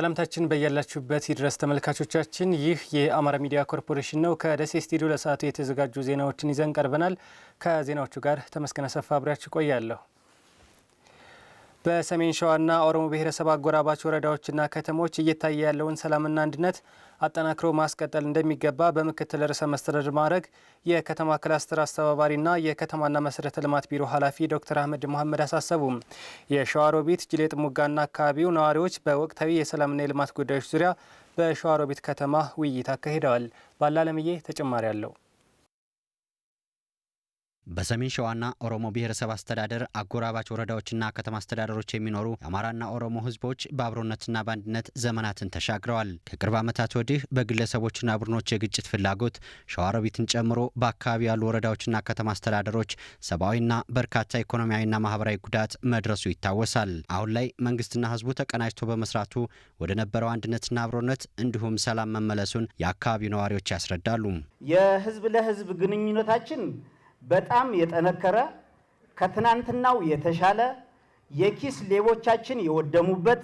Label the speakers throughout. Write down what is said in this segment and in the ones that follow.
Speaker 1: ሰላምታችን በያላችሁበት ይድረስ ተመልካቾቻችን። ይህ የአማራ ሚዲያ ኮርፖሬሽን ነው። ከደሴ ስቱዲዮ ለሰዓቱ የተዘጋጁ ዜናዎችን ይዘን ቀርበናል። ከዜናዎቹ ጋር ተመስገን አሰፋ አብሪያችሁ ቆያለሁ። በሰሜን ሸዋና ኦሮሞ ብሔረሰብ አጎራባች ወረዳዎችና ከተሞች እየታየ ያለውን ሰላምና አንድነት አጠናክሮ ማስቀጠል እንደሚገባ በምክትል ርዕሰ መስተዳድር ማዕረግ የከተማ ክላስተር አስተባባሪና የከተማና መሰረተ ልማት ቢሮ ኃላፊ ዶክተር አህመድ መሐመድ አሳሰቡ። የሸዋሮቢት ጅሌ ጥሙጋና አካባቢው ነዋሪዎች በወቅታዊ የሰላምና የልማት ጉዳዮች ዙሪያ በሸዋሮቢት ከተማ ውይይት አካሂደዋል። ባላለምዬ ተጨማሪ አለው። በሰሜን ሸዋና ኦሮሞ ብሔረሰብ አስተዳደር አጎራባች ወረዳዎችና ከተማ አስተዳደሮች የሚኖሩ የአማራና ኦሮሞ ሕዝቦች በአብሮነትና በአንድነት ዘመናትን ተሻግረዋል። ከቅርብ ዓመታት ወዲህ በግለሰቦችና ቡድኖች የግጭት ፍላጎት ሸዋሮቢትን ጨምሮ በአካባቢ ያሉ ወረዳዎችና ከተማ አስተዳደሮች ሰብአዊና በርካታ ኢኮኖሚያዊና ማህበራዊ ጉዳት መድረሱ ይታወሳል። አሁን ላይ መንግስትና ሕዝቡ ተቀናጅቶ በመስራቱ ወደ ነበረው አንድነትና አብሮነት እንዲሁም ሰላም መመለሱን የአካባቢው ነዋሪዎች ያስረዳሉ።
Speaker 2: የህዝብ ለህዝብ ግንኙነታችን በጣም የጠነከረ ከትናንትናው የተሻለ የኪስ ሌቦቻችን የወደሙበት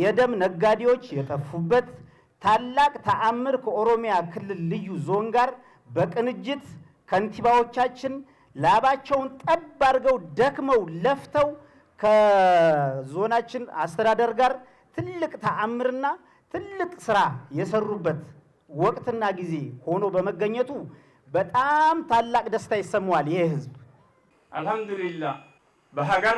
Speaker 2: የደም ነጋዴዎች የጠፉበት ታላቅ ተአምር ከኦሮሚያ ክልል ልዩ ዞን ጋር በቅንጅት ከንቲባዎቻችን ላባቸውን ጠብ አድርገው ደክመው ለፍተው ከዞናችን አስተዳደር ጋር ትልቅ ተአምርና ትልቅ ስራ የሰሩበት ወቅትና ጊዜ ሆኖ በመገኘቱ በጣም ታላቅ ደስታ ይሰማዋል። ይህ ህዝብ
Speaker 3: አልሐምዱሊላ በሀገር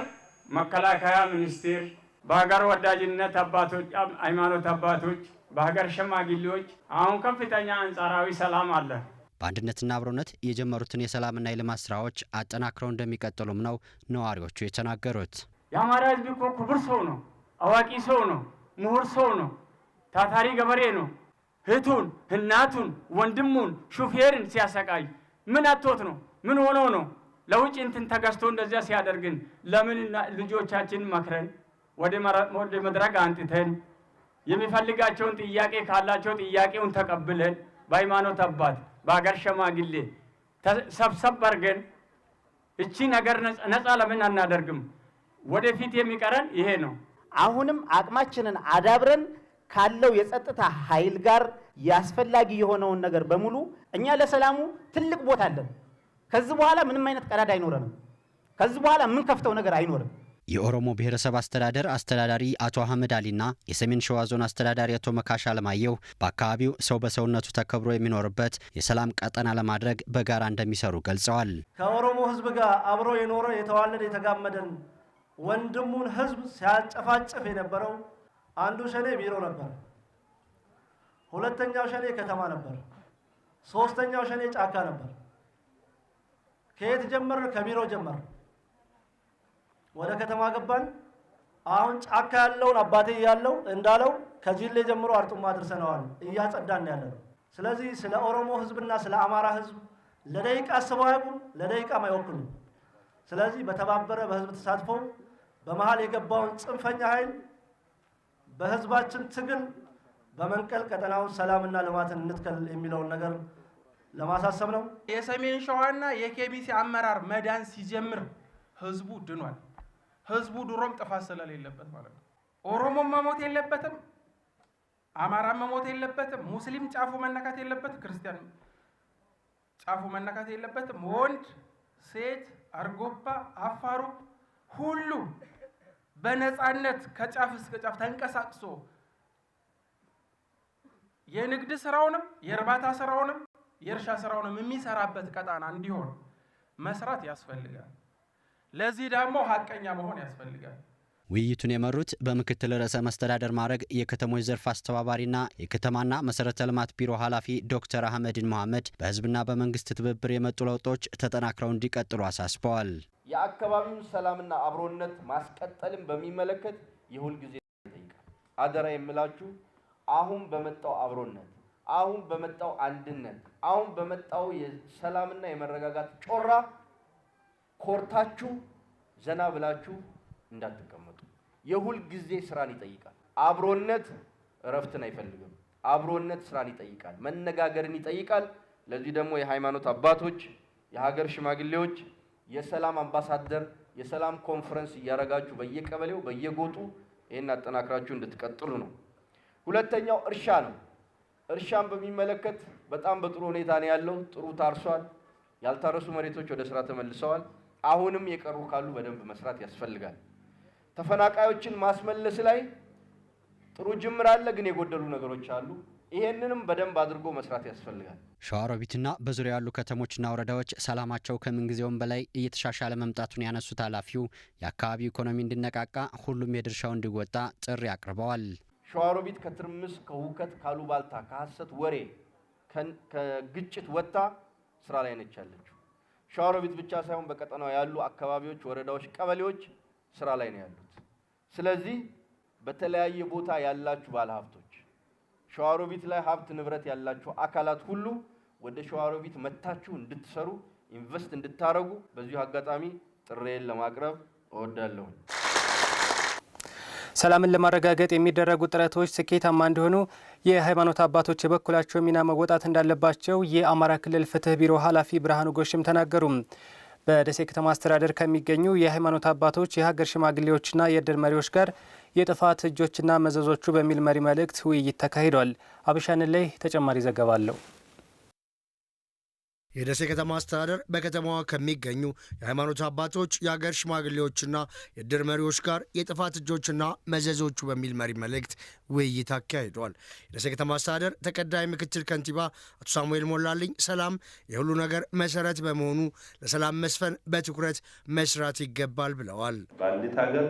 Speaker 3: መከላከያ ሚኒስቴር፣ በሀገር ወዳጅነት አባቶች፣ ሃይማኖት አባቶች፣ በሀገር ሸማግሌዎች አሁን ከፍተኛ አንጻራዊ ሰላም አለ።
Speaker 1: በአንድነትና አብሮነት የጀመሩትን የሰላምና የልማት ስራዎች አጠናክረው እንደሚቀጥሉም ነው ነዋሪዎቹ የተናገሩት።
Speaker 3: የአማራ ህዝብ እኮ ክቡር ሰው ነው፣ አዋቂ ሰው ነው፣ ምሁር ሰው ነው፣ ታታሪ ገበሬ ነው። እህቱን፣ እናቱን፣ ወንድሙን፣ ሹፌርን ሲያሰቃይ ምን አቶት ነው? ምን ሆኖ ነው? ለውጭ እንትን ተገዝቶ እንደዚያ ሲያደርግን ለምን ልጆቻችን መክረን ወደ መድረክ አንጥተን የሚፈልጋቸውን ጥያቄ ካላቸው ጥያቄውን ተቀብለን በሃይማኖት አባት በአገር ሸማግሌ ሰብሰብ አድርገን እቺ ነገር ነፃ ለምን አናደርግም? ወደፊት የሚቀረን ይሄ ነው።
Speaker 2: አሁንም አቅማችንን አዳብረን ካለው የጸጥታ ኃይል ጋር ያስፈላጊ የሆነውን ነገር በሙሉ እኛ ለሰላሙ ትልቅ ቦታ አለን። ከዚህ በኋላ ምንም አይነት ቀዳዳ አይኖረንም። ከዚህ በኋላ ምን ከፍተው ነገር አይኖርም።
Speaker 1: የኦሮሞ ብሔረሰብ አስተዳደር አስተዳዳሪ አቶ አህመድ አሊና የሰሜን ሸዋ ዞን አስተዳዳሪ አቶ መካሽ አለማየሁ በአካባቢው ሰው በሰውነቱ ተከብሮ የሚኖርበት የሰላም ቀጠና ለማድረግ በጋራ እንደሚሰሩ ገልጸዋል።
Speaker 3: ከኦሮሞ ሕዝብ ጋር አብሮ የኖረ የተዋለደ የተጋመደን ወንድሙን ሕዝብ ሲያጨፋጨፍ የነበረው አንዱ ሸኔ ቢሮ ነበር፣ ሁለተኛው ሸኔ ከተማ ነበር፣ ሶስተኛው ሸኔ ጫካ ነበር። ከየት ጀመር? ከቢሮ ጀመር። ወደ ከተማ ገባን። አሁን ጫካ ያለውን አባቴ ያለው እንዳለው ከጅሌ ጀምሮ አርጡማ አድርሰነዋል። እያጸዳን ያለ ነው። ስለዚህ ስለ ኦሮሞ ህዝብና ስለ አማራ ህዝብ ለደቂቃ አስበው አያውቁም፣ ለደቂቃም አይወክሉም። ስለዚህ በተባበረ በህዝብ ተሳትፎ በመሀል የገባውን ጽንፈኛ ኃይል በህዝባችን ትግል በመንቀል ቀጠናው ሰላምና ልማትን እንትከል የሚለውን ነገር ለማሳሰብ ነው። የሰሜን ሸዋና የኬሚሴ አመራር መዳን ሲጀምር ህዝቡ ድኗል። ህዝቡ ድሮም ጥፋት ስለሌለበት ማለት ነው። ኦሮሞም መሞት የለበትም፣ አማራም መሞት የለበትም፣ ሙስሊም ጫፉ መነካት የለበትም፣ ክርስቲያን ጫፉ መነካት የለበትም። ወንድ፣ ሴት፣ አርጎባ፣ አፋሩ ሁሉ በነፃነት ከጫፍ እስከ ጫፍ ተንቀሳቅሶ የንግድ ስራውንም የእርባታ ስራውንም የእርሻ ስራውንም የሚሰራበት ቀጣና እንዲሆን መስራት ያስፈልጋል። ለዚህ ደግሞ ሀቀኛ መሆን ያስፈልጋል።
Speaker 1: ውይይቱን የመሩት በምክትል ርዕሰ መስተዳደር ማዕረግ የከተሞች ዘርፍ አስተባባሪና የከተማና መሰረተ ልማት ቢሮ ኃላፊ ዶክተር አህመድን መሐመድ በህዝብና በመንግስት ትብብር የመጡ ለውጦች ተጠናክረው እንዲቀጥሉ አሳስበዋል።
Speaker 3: የአካባቢውን ሰላምና አብሮነት ማስቀጠልን በሚመለከት የሁል ጊዜ ይጠይቃል። አደራ የምላችሁ አሁን በመጣው አብሮነት፣ አሁን በመጣው አንድነት፣ አሁን በመጣው የሰላምና የመረጋጋት ጮራ ኮርታችሁ ዘና ብላችሁ እንዳትቀመጡ። የሁል ጊዜ ስራን ይጠይቃል። አብሮነት እረፍትን አይፈልግም። አብሮነት ስራን ይጠይቃል፣ መነጋገርን ይጠይቃል። ለዚህ ደግሞ የሃይማኖት አባቶች፣ የሀገር ሽማግሌዎች የሰላም አምባሳደር፣ የሰላም ኮንፈረንስ እያረጋችሁ በየቀበሌው በየጎጡ ይህን አጠናክራችሁ እንድትቀጥሉ ነው። ሁለተኛው እርሻ ነው። እርሻን በሚመለከት በጣም በጥሩ ሁኔታ ነው ያለው። ጥሩ ታርሷል። ያልታረሱ መሬቶች ወደ ስራ ተመልሰዋል። አሁንም የቀሩ ካሉ በደንብ መስራት ያስፈልጋል። ተፈናቃዮችን ማስመለስ ላይ ጥሩ ጅምር አለ፣ ግን የጎደሉ ነገሮች አሉ። ይሄንንም በደንብ አድርጎ መስራት ያስፈልጋል።
Speaker 1: ሸዋሮቢትና በዙሪያ ያሉ ከተሞችና ወረዳዎች ሰላማቸው ከምንጊዜውም በላይ እየተሻሻለ መምጣቱን ያነሱት ኃላፊው የአካባቢው ኢኮኖሚ እንዲነቃቃ ሁሉም የድርሻው እንዲወጣ ጥሪ አቅርበዋል።
Speaker 3: ሸዋሮቢት ከትርምስ፣ ከሁከት፣ ካሉባልታ፣ ከሀሰት ወሬ፣ ከግጭት ወጥታ ስራ ላይ ነች ያለችው። ሸዋሮቢት ብቻ ሳይሆን በቀጠናው ያሉ አካባቢዎች፣ ወረዳዎች፣ ቀበሌዎች ስራ ላይ ነው ያሉት። ስለዚህ በተለያየ ቦታ ያላችሁ ባለሀብቶች ሸዋሮቢት ላይ ሀብት ንብረት ያላችሁ አካላት ሁሉ ወደ ሸዋሮቢት መታችሁ እንድትሰሩ ኢንቨስት እንድታረጉ በዚሁ አጋጣሚ ጥሬን ለማቅረብ እወዳለሁ።
Speaker 1: ሰላምን ለማረጋገጥ የሚደረጉ ጥረቶች ስኬታማ እንዲሆኑ የሃይማኖት አባቶች የበኩላቸው ሚና መወጣት እንዳለባቸው የአማራ ክልል ፍትህ ቢሮ ኃላፊ ብርሃኑ ጎሽም ተናገሩም። በደሴ ከተማ አስተዳደር ከሚገኙ የሃይማኖት አባቶች፣ የሀገር ሽማግሌዎችና የእድር መሪዎች ጋር የጥፋት እጆችና መዘዞቹ በሚል መሪ መልእክት ውይይት ተካሂዷል። አብሻን ላይ ተጨማሪ ዘገባ አለው። የደሴ ከተማ አስተዳደር በከተማዋ ከሚገኙ የሃይማኖት አባቶች የሀገር ሽማግሌዎችና የድር መሪዎች ጋር የጥፋት እጆችና መዘዞቹ በሚል መሪ መልእክት ውይይት አካሂዷል። የደሴ ከተማ አስተዳደር ተቀዳይ ምክትል ከንቲባ አቶ ሳሙኤል ሞላልኝ ሰላም የሁሉ ነገር መሰረት በመሆኑ ለሰላም መስፈን በትኩረት መስራት ይገባል ብለዋል።
Speaker 4: በአንዲት ሀገር፣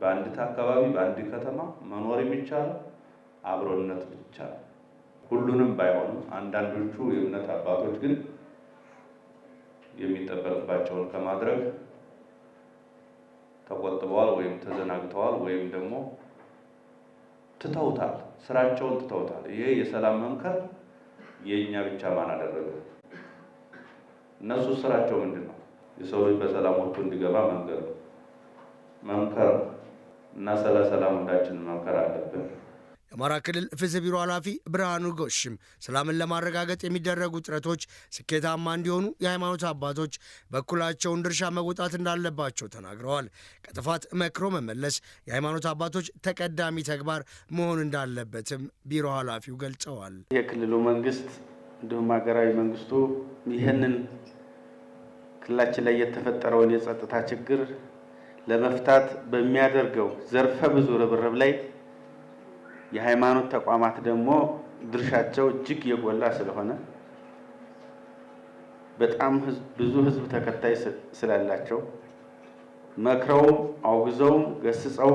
Speaker 4: በአንዲት አካባቢ፣ በአንዲት ከተማ መኖር የሚቻለው አብሮነት ብቻ ነው። ሁሉንም ባይሆኑ አንዳንዶቹ የእምነት አባቶች ግን የሚጠበቅባቸውን ከማድረግ ተቆጥበዋል ወይም ተዘናግተዋል ወይም ደግሞ ትተውታል፣ ስራቸውን ትተውታል። ይሄ የሰላም መምከር የእኛ ብቻ ማን አደረገ? እነሱ ስራቸው ምንድን ነው? የሰው ልጅ በሰላም ወጥቶ እንዲገባ መንገር መምከር እና ስለ ሰላም ሁላችንን መምከር አለብን።
Speaker 1: የአማራ ክልል ፍትህ ቢሮ ኃላፊ ብርሃኑ ጎሽም ሰላምን ለማረጋገጥ የሚደረጉ ጥረቶች ስኬታማ እንዲሆኑ የሃይማኖት አባቶች በኩላቸውን ድርሻ መወጣት እንዳለባቸው ተናግረዋል። ከጥፋት መክሮ መመለስ የሃይማኖት አባቶች ተቀዳሚ ተግባር መሆን እንዳለበትም ቢሮ ኃላፊው ገልጸዋል።
Speaker 4: የክልሉ መንግስት እንዲሁም ሀገራዊ መንግስቱ ይህንን ክልላችን ላይ የተፈጠረውን የጸጥታ ችግር ለመፍታት በሚያደርገው ዘርፈ ብዙ ርብርብ ላይ የሃይማኖት ተቋማት ደግሞ ድርሻቸው እጅግ የጎላ ስለሆነ በጣም ብዙ ህዝብ ተከታይ ስላላቸው መክረው አውግዘው ገስጸው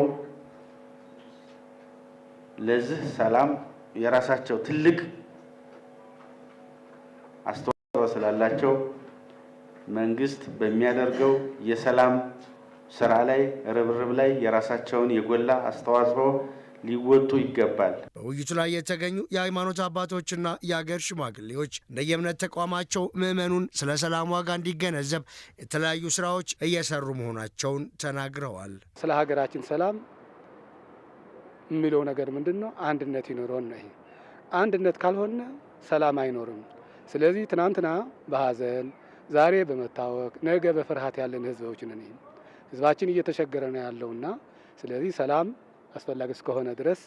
Speaker 4: ለዚህ ሰላም የራሳቸው ትልቅ አስተዋጽኦ ስላላቸው መንግስት በሚያደርገው የሰላም ስራ ላይ ርብርብ ላይ የራሳቸውን የጎላ አስተዋጽኦ ሊወጡ ይገባል።
Speaker 1: በውይይቱ ላይ የተገኙ የሃይማኖት አባቶችና የአገር ሽማግሌዎች እንደየእምነት ተቋማቸው ምዕመኑን ስለ ሰላም ዋጋ እንዲገነዘብ የተለያዩ ስራዎች እየሰሩ መሆናቸውን ተናግረዋል።
Speaker 3: ስለ ሀገራችን ሰላም የሚለው ነገር ምንድን ነው? አንድነት ይኖረን ነው። ይሄ አንድነት ካልሆነ ሰላም አይኖርም። ስለዚህ ትናንትና በሀዘን ዛሬ በመታወቅ ነገ በፍርሃት ያለን ህዝቦችን ህዝባችን እየተቸገረ ነው ያለውና ስለዚህ ሰላም አስፈላጊ እስከሆነ ድረስ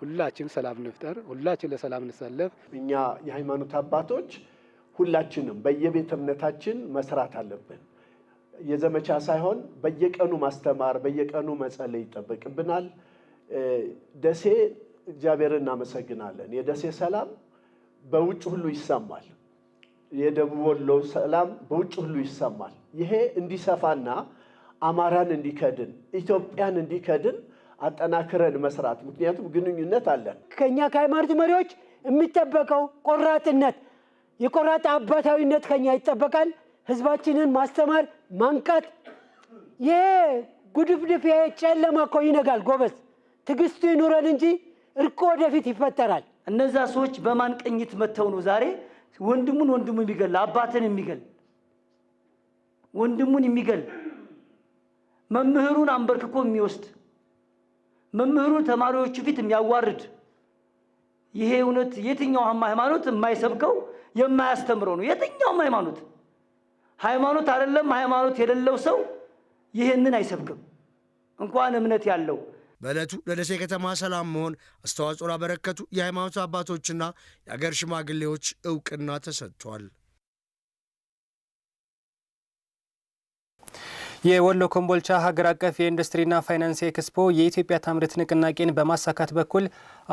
Speaker 3: ሁላችን ሰላም እንፍጠር፣ ሁላችን ለሰላም እንሰለፍ። እኛ የሃይማኖት አባቶች ሁላችንም በየቤተ እምነታችን መስራት አለብን። የዘመቻ ሳይሆን በየቀኑ ማስተማር፣ በየቀኑ መጸለይ ይጠበቅብናል። ደሴ እግዚአብሔርን እናመሰግናለን። የደሴ ሰላም በውጭ ሁሉ ይሰማል። የደቡብ ወሎ ሰላም በውጭ ሁሉ ይሰማል። ይሄ እንዲሰፋና አማራን እንዲከድን ኢትዮጵያን እንዲከድን አጠናክረን መስራት። ምክንያቱም ግንኙነት አለን።
Speaker 2: ከኛ ከሃይማኖት መሪዎች የሚጠበቀው ቆራጥነት፣ የቆራጥ አባታዊነት ከኛ ይጠበቃል። ህዝባችንን ማስተማር፣ ማንቃት። ይሄ ጉድፍድፍ ጨለማ እኮ ይነጋል። ጎበዝ ትግስቱ ይኑረን እንጂ እርቆ ወደፊት ይፈጠራል። እነዛ ሰዎች በማን ቅኝት መጥተው ነው ዛሬ ወንድሙን ወንድሙ የሚገል አባትን የሚገል ወንድሙን የሚገል መምህሩን አንበርክኮ የሚወስድ መምህሩን ተማሪዎቹ ፊት የሚያዋርድ ይሄ እውነት የትኛውም ሃይማኖት የማይሰብከው የማያስተምረው ነው። የትኛውም ሃይማኖት ሃይማኖት አይደለም ሃይማኖት የሌለው ሰው ይህንን አይሰብክም፣ እንኳን እምነት ያለው።
Speaker 1: በዕለቱ ለደሴ ከተማ ሰላም መሆን አስተዋጽኦ ላበረከቱ የሃይማኖት አባቶችና የአገር ሽማግሌዎች እውቅና ተሰጥቷል። የወሎ ኮምቦልቻ ሀገር አቀፍ የኢንዱስትሪና ፋይናንስ ኤክስፖ የኢትዮጵያ ታምርት ንቅናቄን በማሳካት በኩል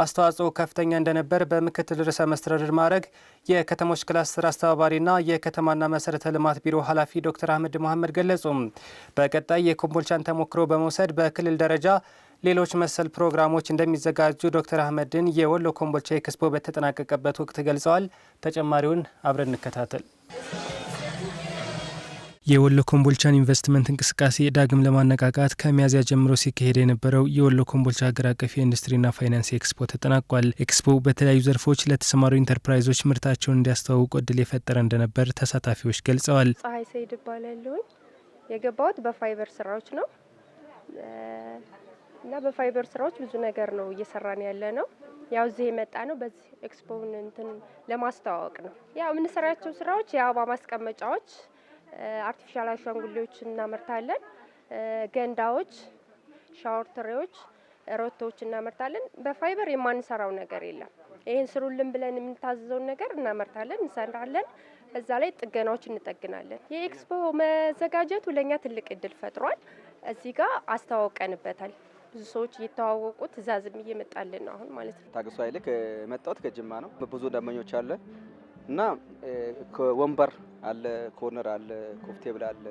Speaker 1: አስተዋጽኦ ከፍተኛ እንደነበር በምክትል ርዕሰ መስተዳድር ማዕረግ የከተሞች ክላስተር አስተባባሪና የከተማና መሰረተ ልማት ቢሮ ኃላፊ ዶክተር አህመድ መሐመድ ገለጹ በቀጣይ የኮምቦልቻን ተሞክሮ በመውሰድ በክልል ደረጃ ሌሎች መሰል ፕሮግራሞች እንደሚዘጋጁ ዶክተር አህመድን የወሎ ኮምቦልቻ ኤክስፖ በተጠናቀቀበት ወቅት ገልጸዋል። ተጨማሪውን አብረን እንከታተል። የወሎ ኮምቦልቻን ኢንቨስትመንት እንቅስቃሴ ዳግም ለማነቃቃት ከሚያዝያ ጀምሮ ሲካሄድ የነበረው የወሎ ኮምቦልቻ ሀገር አቀፍ የኢንዱስትሪና ፋይናንስ ኤክስፖ ተጠናቋል። ኤክስፖ በተለያዩ ዘርፎች ለተሰማሩ ኢንተርፕራይዞች ምርታቸውን እንዲያስተዋውቁ እድል የፈጠረ እንደነበር ተሳታፊዎች ገልጸዋል።
Speaker 5: ፀሐይ ሰይድ እባላለሁኝ። የገባሁት በፋይበር ስራዎች ነው እና በፋይበር ስራዎች ብዙ ነገር ነው እየሰራን ያለ ነው። ያው እዚህ የመጣ ነው በዚህ ኤክስፖን እንትን ለማስተዋወቅ ነው። ያው የምንሰራቸው ስራዎች የአበባ ማስቀመጫዎች አርቲፊሻል አሻንጉሊዎች እናመርታለን። ገንዳዎች፣ ሻወር ትሬዎች፣ ሮቶዎች እናመርታለን። በፋይበር የማንሰራው ነገር የለም። ይህን ስሩልን ብለን የምንታዘዘውን ነገር እናመርታለን፣ እንሰራለን። እዛ ላይ ጥገናዎች እንጠግናለን። የኤክስፖ መዘጋጀቱ ለእኛ ትልቅ እድል ፈጥሯል። እዚህ ጋር አስተዋውቀንበታል። ብዙ ሰዎች እየተዋወቁ ትእዛዝም እየመጣልን ነው አሁን ማለት
Speaker 6: ነው። ታግሶ አይልክ መጣሁት ከጅማ ነው። ብዙ ደንበኞች አለ እና ወንበር አለ፣ ኮርነር አለ፣ ኮፍ ቴብል አለ፣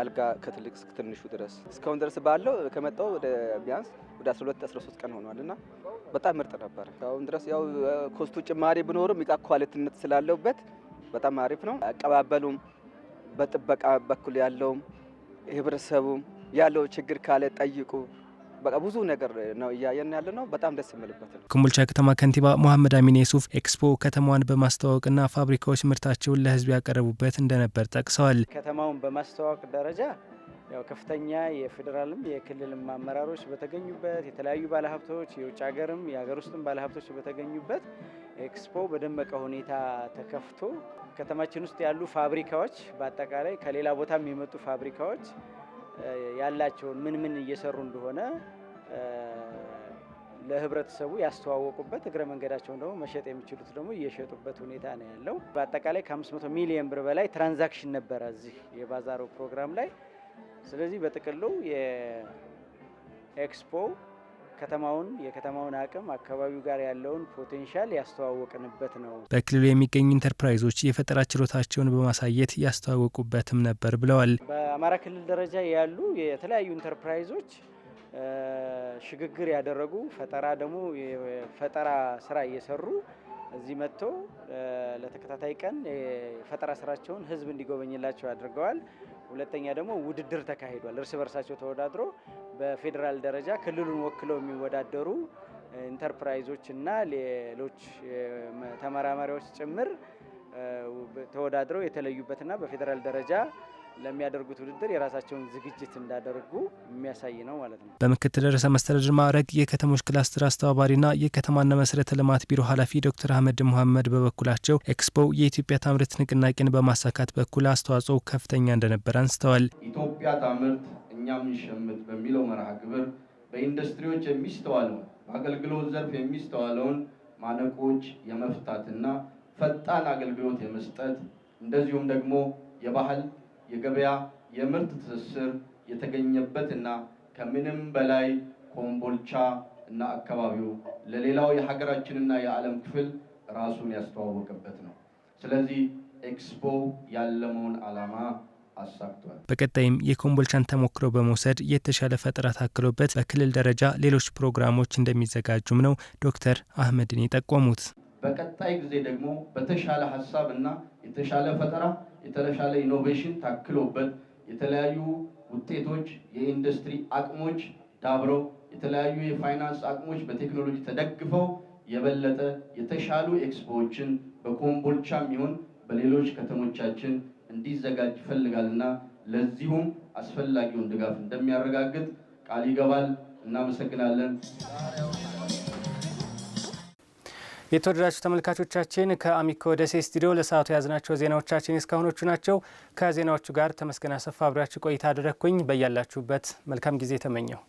Speaker 6: አልጋ ከትልቅ እስከ ትንሹ ድረስ እስካሁን ድረስ ባለው ከመጣው ወደ ቢያንስ ወደ 12 13 ቀን ሆኗል እና በጣም ምርጥ ነበር። እስካሁን ድረስ ያው ኮስቱ ጭማሪ ብኖርም ይቃ ኳሊቲነት ስላለውበት በጣም አሪፍ ነው። አቀባበሉም በጥበቃ በኩል ያለውም ህብረተሰቡም ያለው ችግር ካለ ጠይቁ በቃ ብዙ ነገር ነው እያየን ያለ ነው። በጣም ደስ የምልበት ነው።
Speaker 1: ኮምቦልቻ ከተማ ከንቲባ መሐመድ አሚን የሱፍ ኤክስፖ ከተማዋን በማስተዋወቅና ፋብሪካዎች ምርታቸውን ለህዝብ ያቀረቡበት እንደነበር ጠቅሰዋል።
Speaker 7: ከተማውን በማስተዋወቅ ደረጃ ያው ከፍተኛ የፌዴራልም የክልልም አመራሮች በተገኙበት የተለያዩ ባለሀብቶች የውጭ ሀገርም የሀገር ውስጥም ባለሀብቶች በተገኙበት ኤክስፖ በደመቀ ሁኔታ ተከፍቶ ከተማችን ውስጥ ያሉ ፋብሪካዎች በአጠቃላይ ከሌላ ቦታ የሚመጡ ፋብሪካዎች ያላቸውን ምን ምን እየሰሩ እንደሆነ ለህብረተሰቡ ያስተዋወቁበት እግረ መንገዳቸውን ደግሞ መሸጥ የሚችሉት ደግሞ እየሸጡበት ሁኔታ ነው ያለው። በአጠቃላይ ከ500 ሚሊዮን ብር በላይ ትራንዛክሽን ነበረ እዚህ የባዛሮ ፕሮግራም ላይ። ስለዚህ በጥቅሉ የኤክስፖ ከተማውን የከተማውን አቅም አካባቢው ጋር ያለውን ፖቴንሻል ያስተዋወቅንበት ነው።
Speaker 1: በክልሉ የሚገኙ ኢንተርፕራይዞች የፈጠራ ችሎታቸውን በማሳየት ያስተዋወቁበትም ነበር ብለዋል።
Speaker 7: በአማራ ክልል ደረጃ ያሉ የተለያዩ ኢንተርፕራይዞች ሽግግር ያደረጉ ፈጠራ ደግሞ የፈጠራ ስራ እየሰሩ እዚህ መጥቶ ለተከታታይ ቀን የፈጠራ ስራቸውን ህዝብ እንዲጎበኝላቸው አድርገዋል። ሁለተኛ ደግሞ ውድድር ተካሂዷል። እርስ በርሳቸው ተወዳድሮ በፌዴራል ደረጃ ክልሉን ወክለው የሚወዳደሩ ኢንተርፕራይዞች እና ሌሎች ተመራማሪዎች ጭምር ተወዳድረው የተለዩበትና በፌዴራል ደረጃ ለሚያደርጉት ውድድር የራሳቸውን ዝግጅት እንዳደረጉ የሚያሳይ ነው ማለት ነው።
Speaker 1: በምክትል ርዕሰ መስተዳድር ማዕረግ የከተሞች ክላስተር አስተባባሪና የከተማና መሰረተ ልማት ቢሮ ኃላፊ ዶክተር አህመድ መሐመድ በበኩላቸው ኤክስፖው የኢትዮጵያ ታምርት ንቅናቄን በማሳካት በኩል አስተዋጽኦ ከፍተኛ እንደነበር አንስተዋል።
Speaker 8: ኢትዮጵያ ታምርት እኛ ምንሸምት በሚለው መርሃ ግብር በኢንዱስትሪዎች የሚስተዋለውን በአገልግሎት ዘርፍ የሚስተዋለውን ማነቆች የመፍታትና ፈጣን አገልግሎት የመስጠት እንደዚሁም ደግሞ የባህል የገበያ የምርት ትስስር የተገኘበትና ከምንም በላይ ኮምቦልቻ እና አካባቢው ለሌላው የሀገራችንና የዓለም ክፍል ራሱን ያስተዋወቀበት ነው። ስለዚህ ኤክስፖ ያለመውን ዓላማ አሳክቷል።
Speaker 1: በቀጣይም የኮምቦልቻን ተሞክሮ በመውሰድ የተሻለ ፈጠራ ታክሎበት በክልል ደረጃ ሌሎች ፕሮግራሞች እንደሚዘጋጁም ነው ዶክተር አህመድን የጠቆሙት።
Speaker 8: በቀጣይ ጊዜ ደግሞ በተሻለ ሀሳብ እና የተሻለ ፈጠራ የተሻለ ኢኖቬሽን ታክሎበት የተለያዩ ውጤቶች፣ የኢንዱስትሪ አቅሞች ዳብረው የተለያዩ የፋይናንስ አቅሞች በቴክኖሎጂ ተደግፈው የበለጠ የተሻሉ ኤክስፖዎችን በኮምቦልቻም ይሁን በሌሎች ከተሞቻችን እንዲዘጋጅ ይፈልጋል ለዚሁም አስፈላጊውን ድጋፍ እንደሚያረጋግጥ ቃል ይገባል። እናመሰግናለን።
Speaker 1: የተወደዳችሁ ተመልካቾቻችን ከአሚኮ ደሴ ስቱዲዮ ለሰዓቱ የያዝናቸው ዜናዎቻችን እስካሁኖቹ ናቸው። ከዜናዎቹ ጋር ተመስገን አሰፋ አብሪያችሁ ቆይታ አደረግኩኝ። በያላችሁበት መልካም ጊዜ ተመኘው።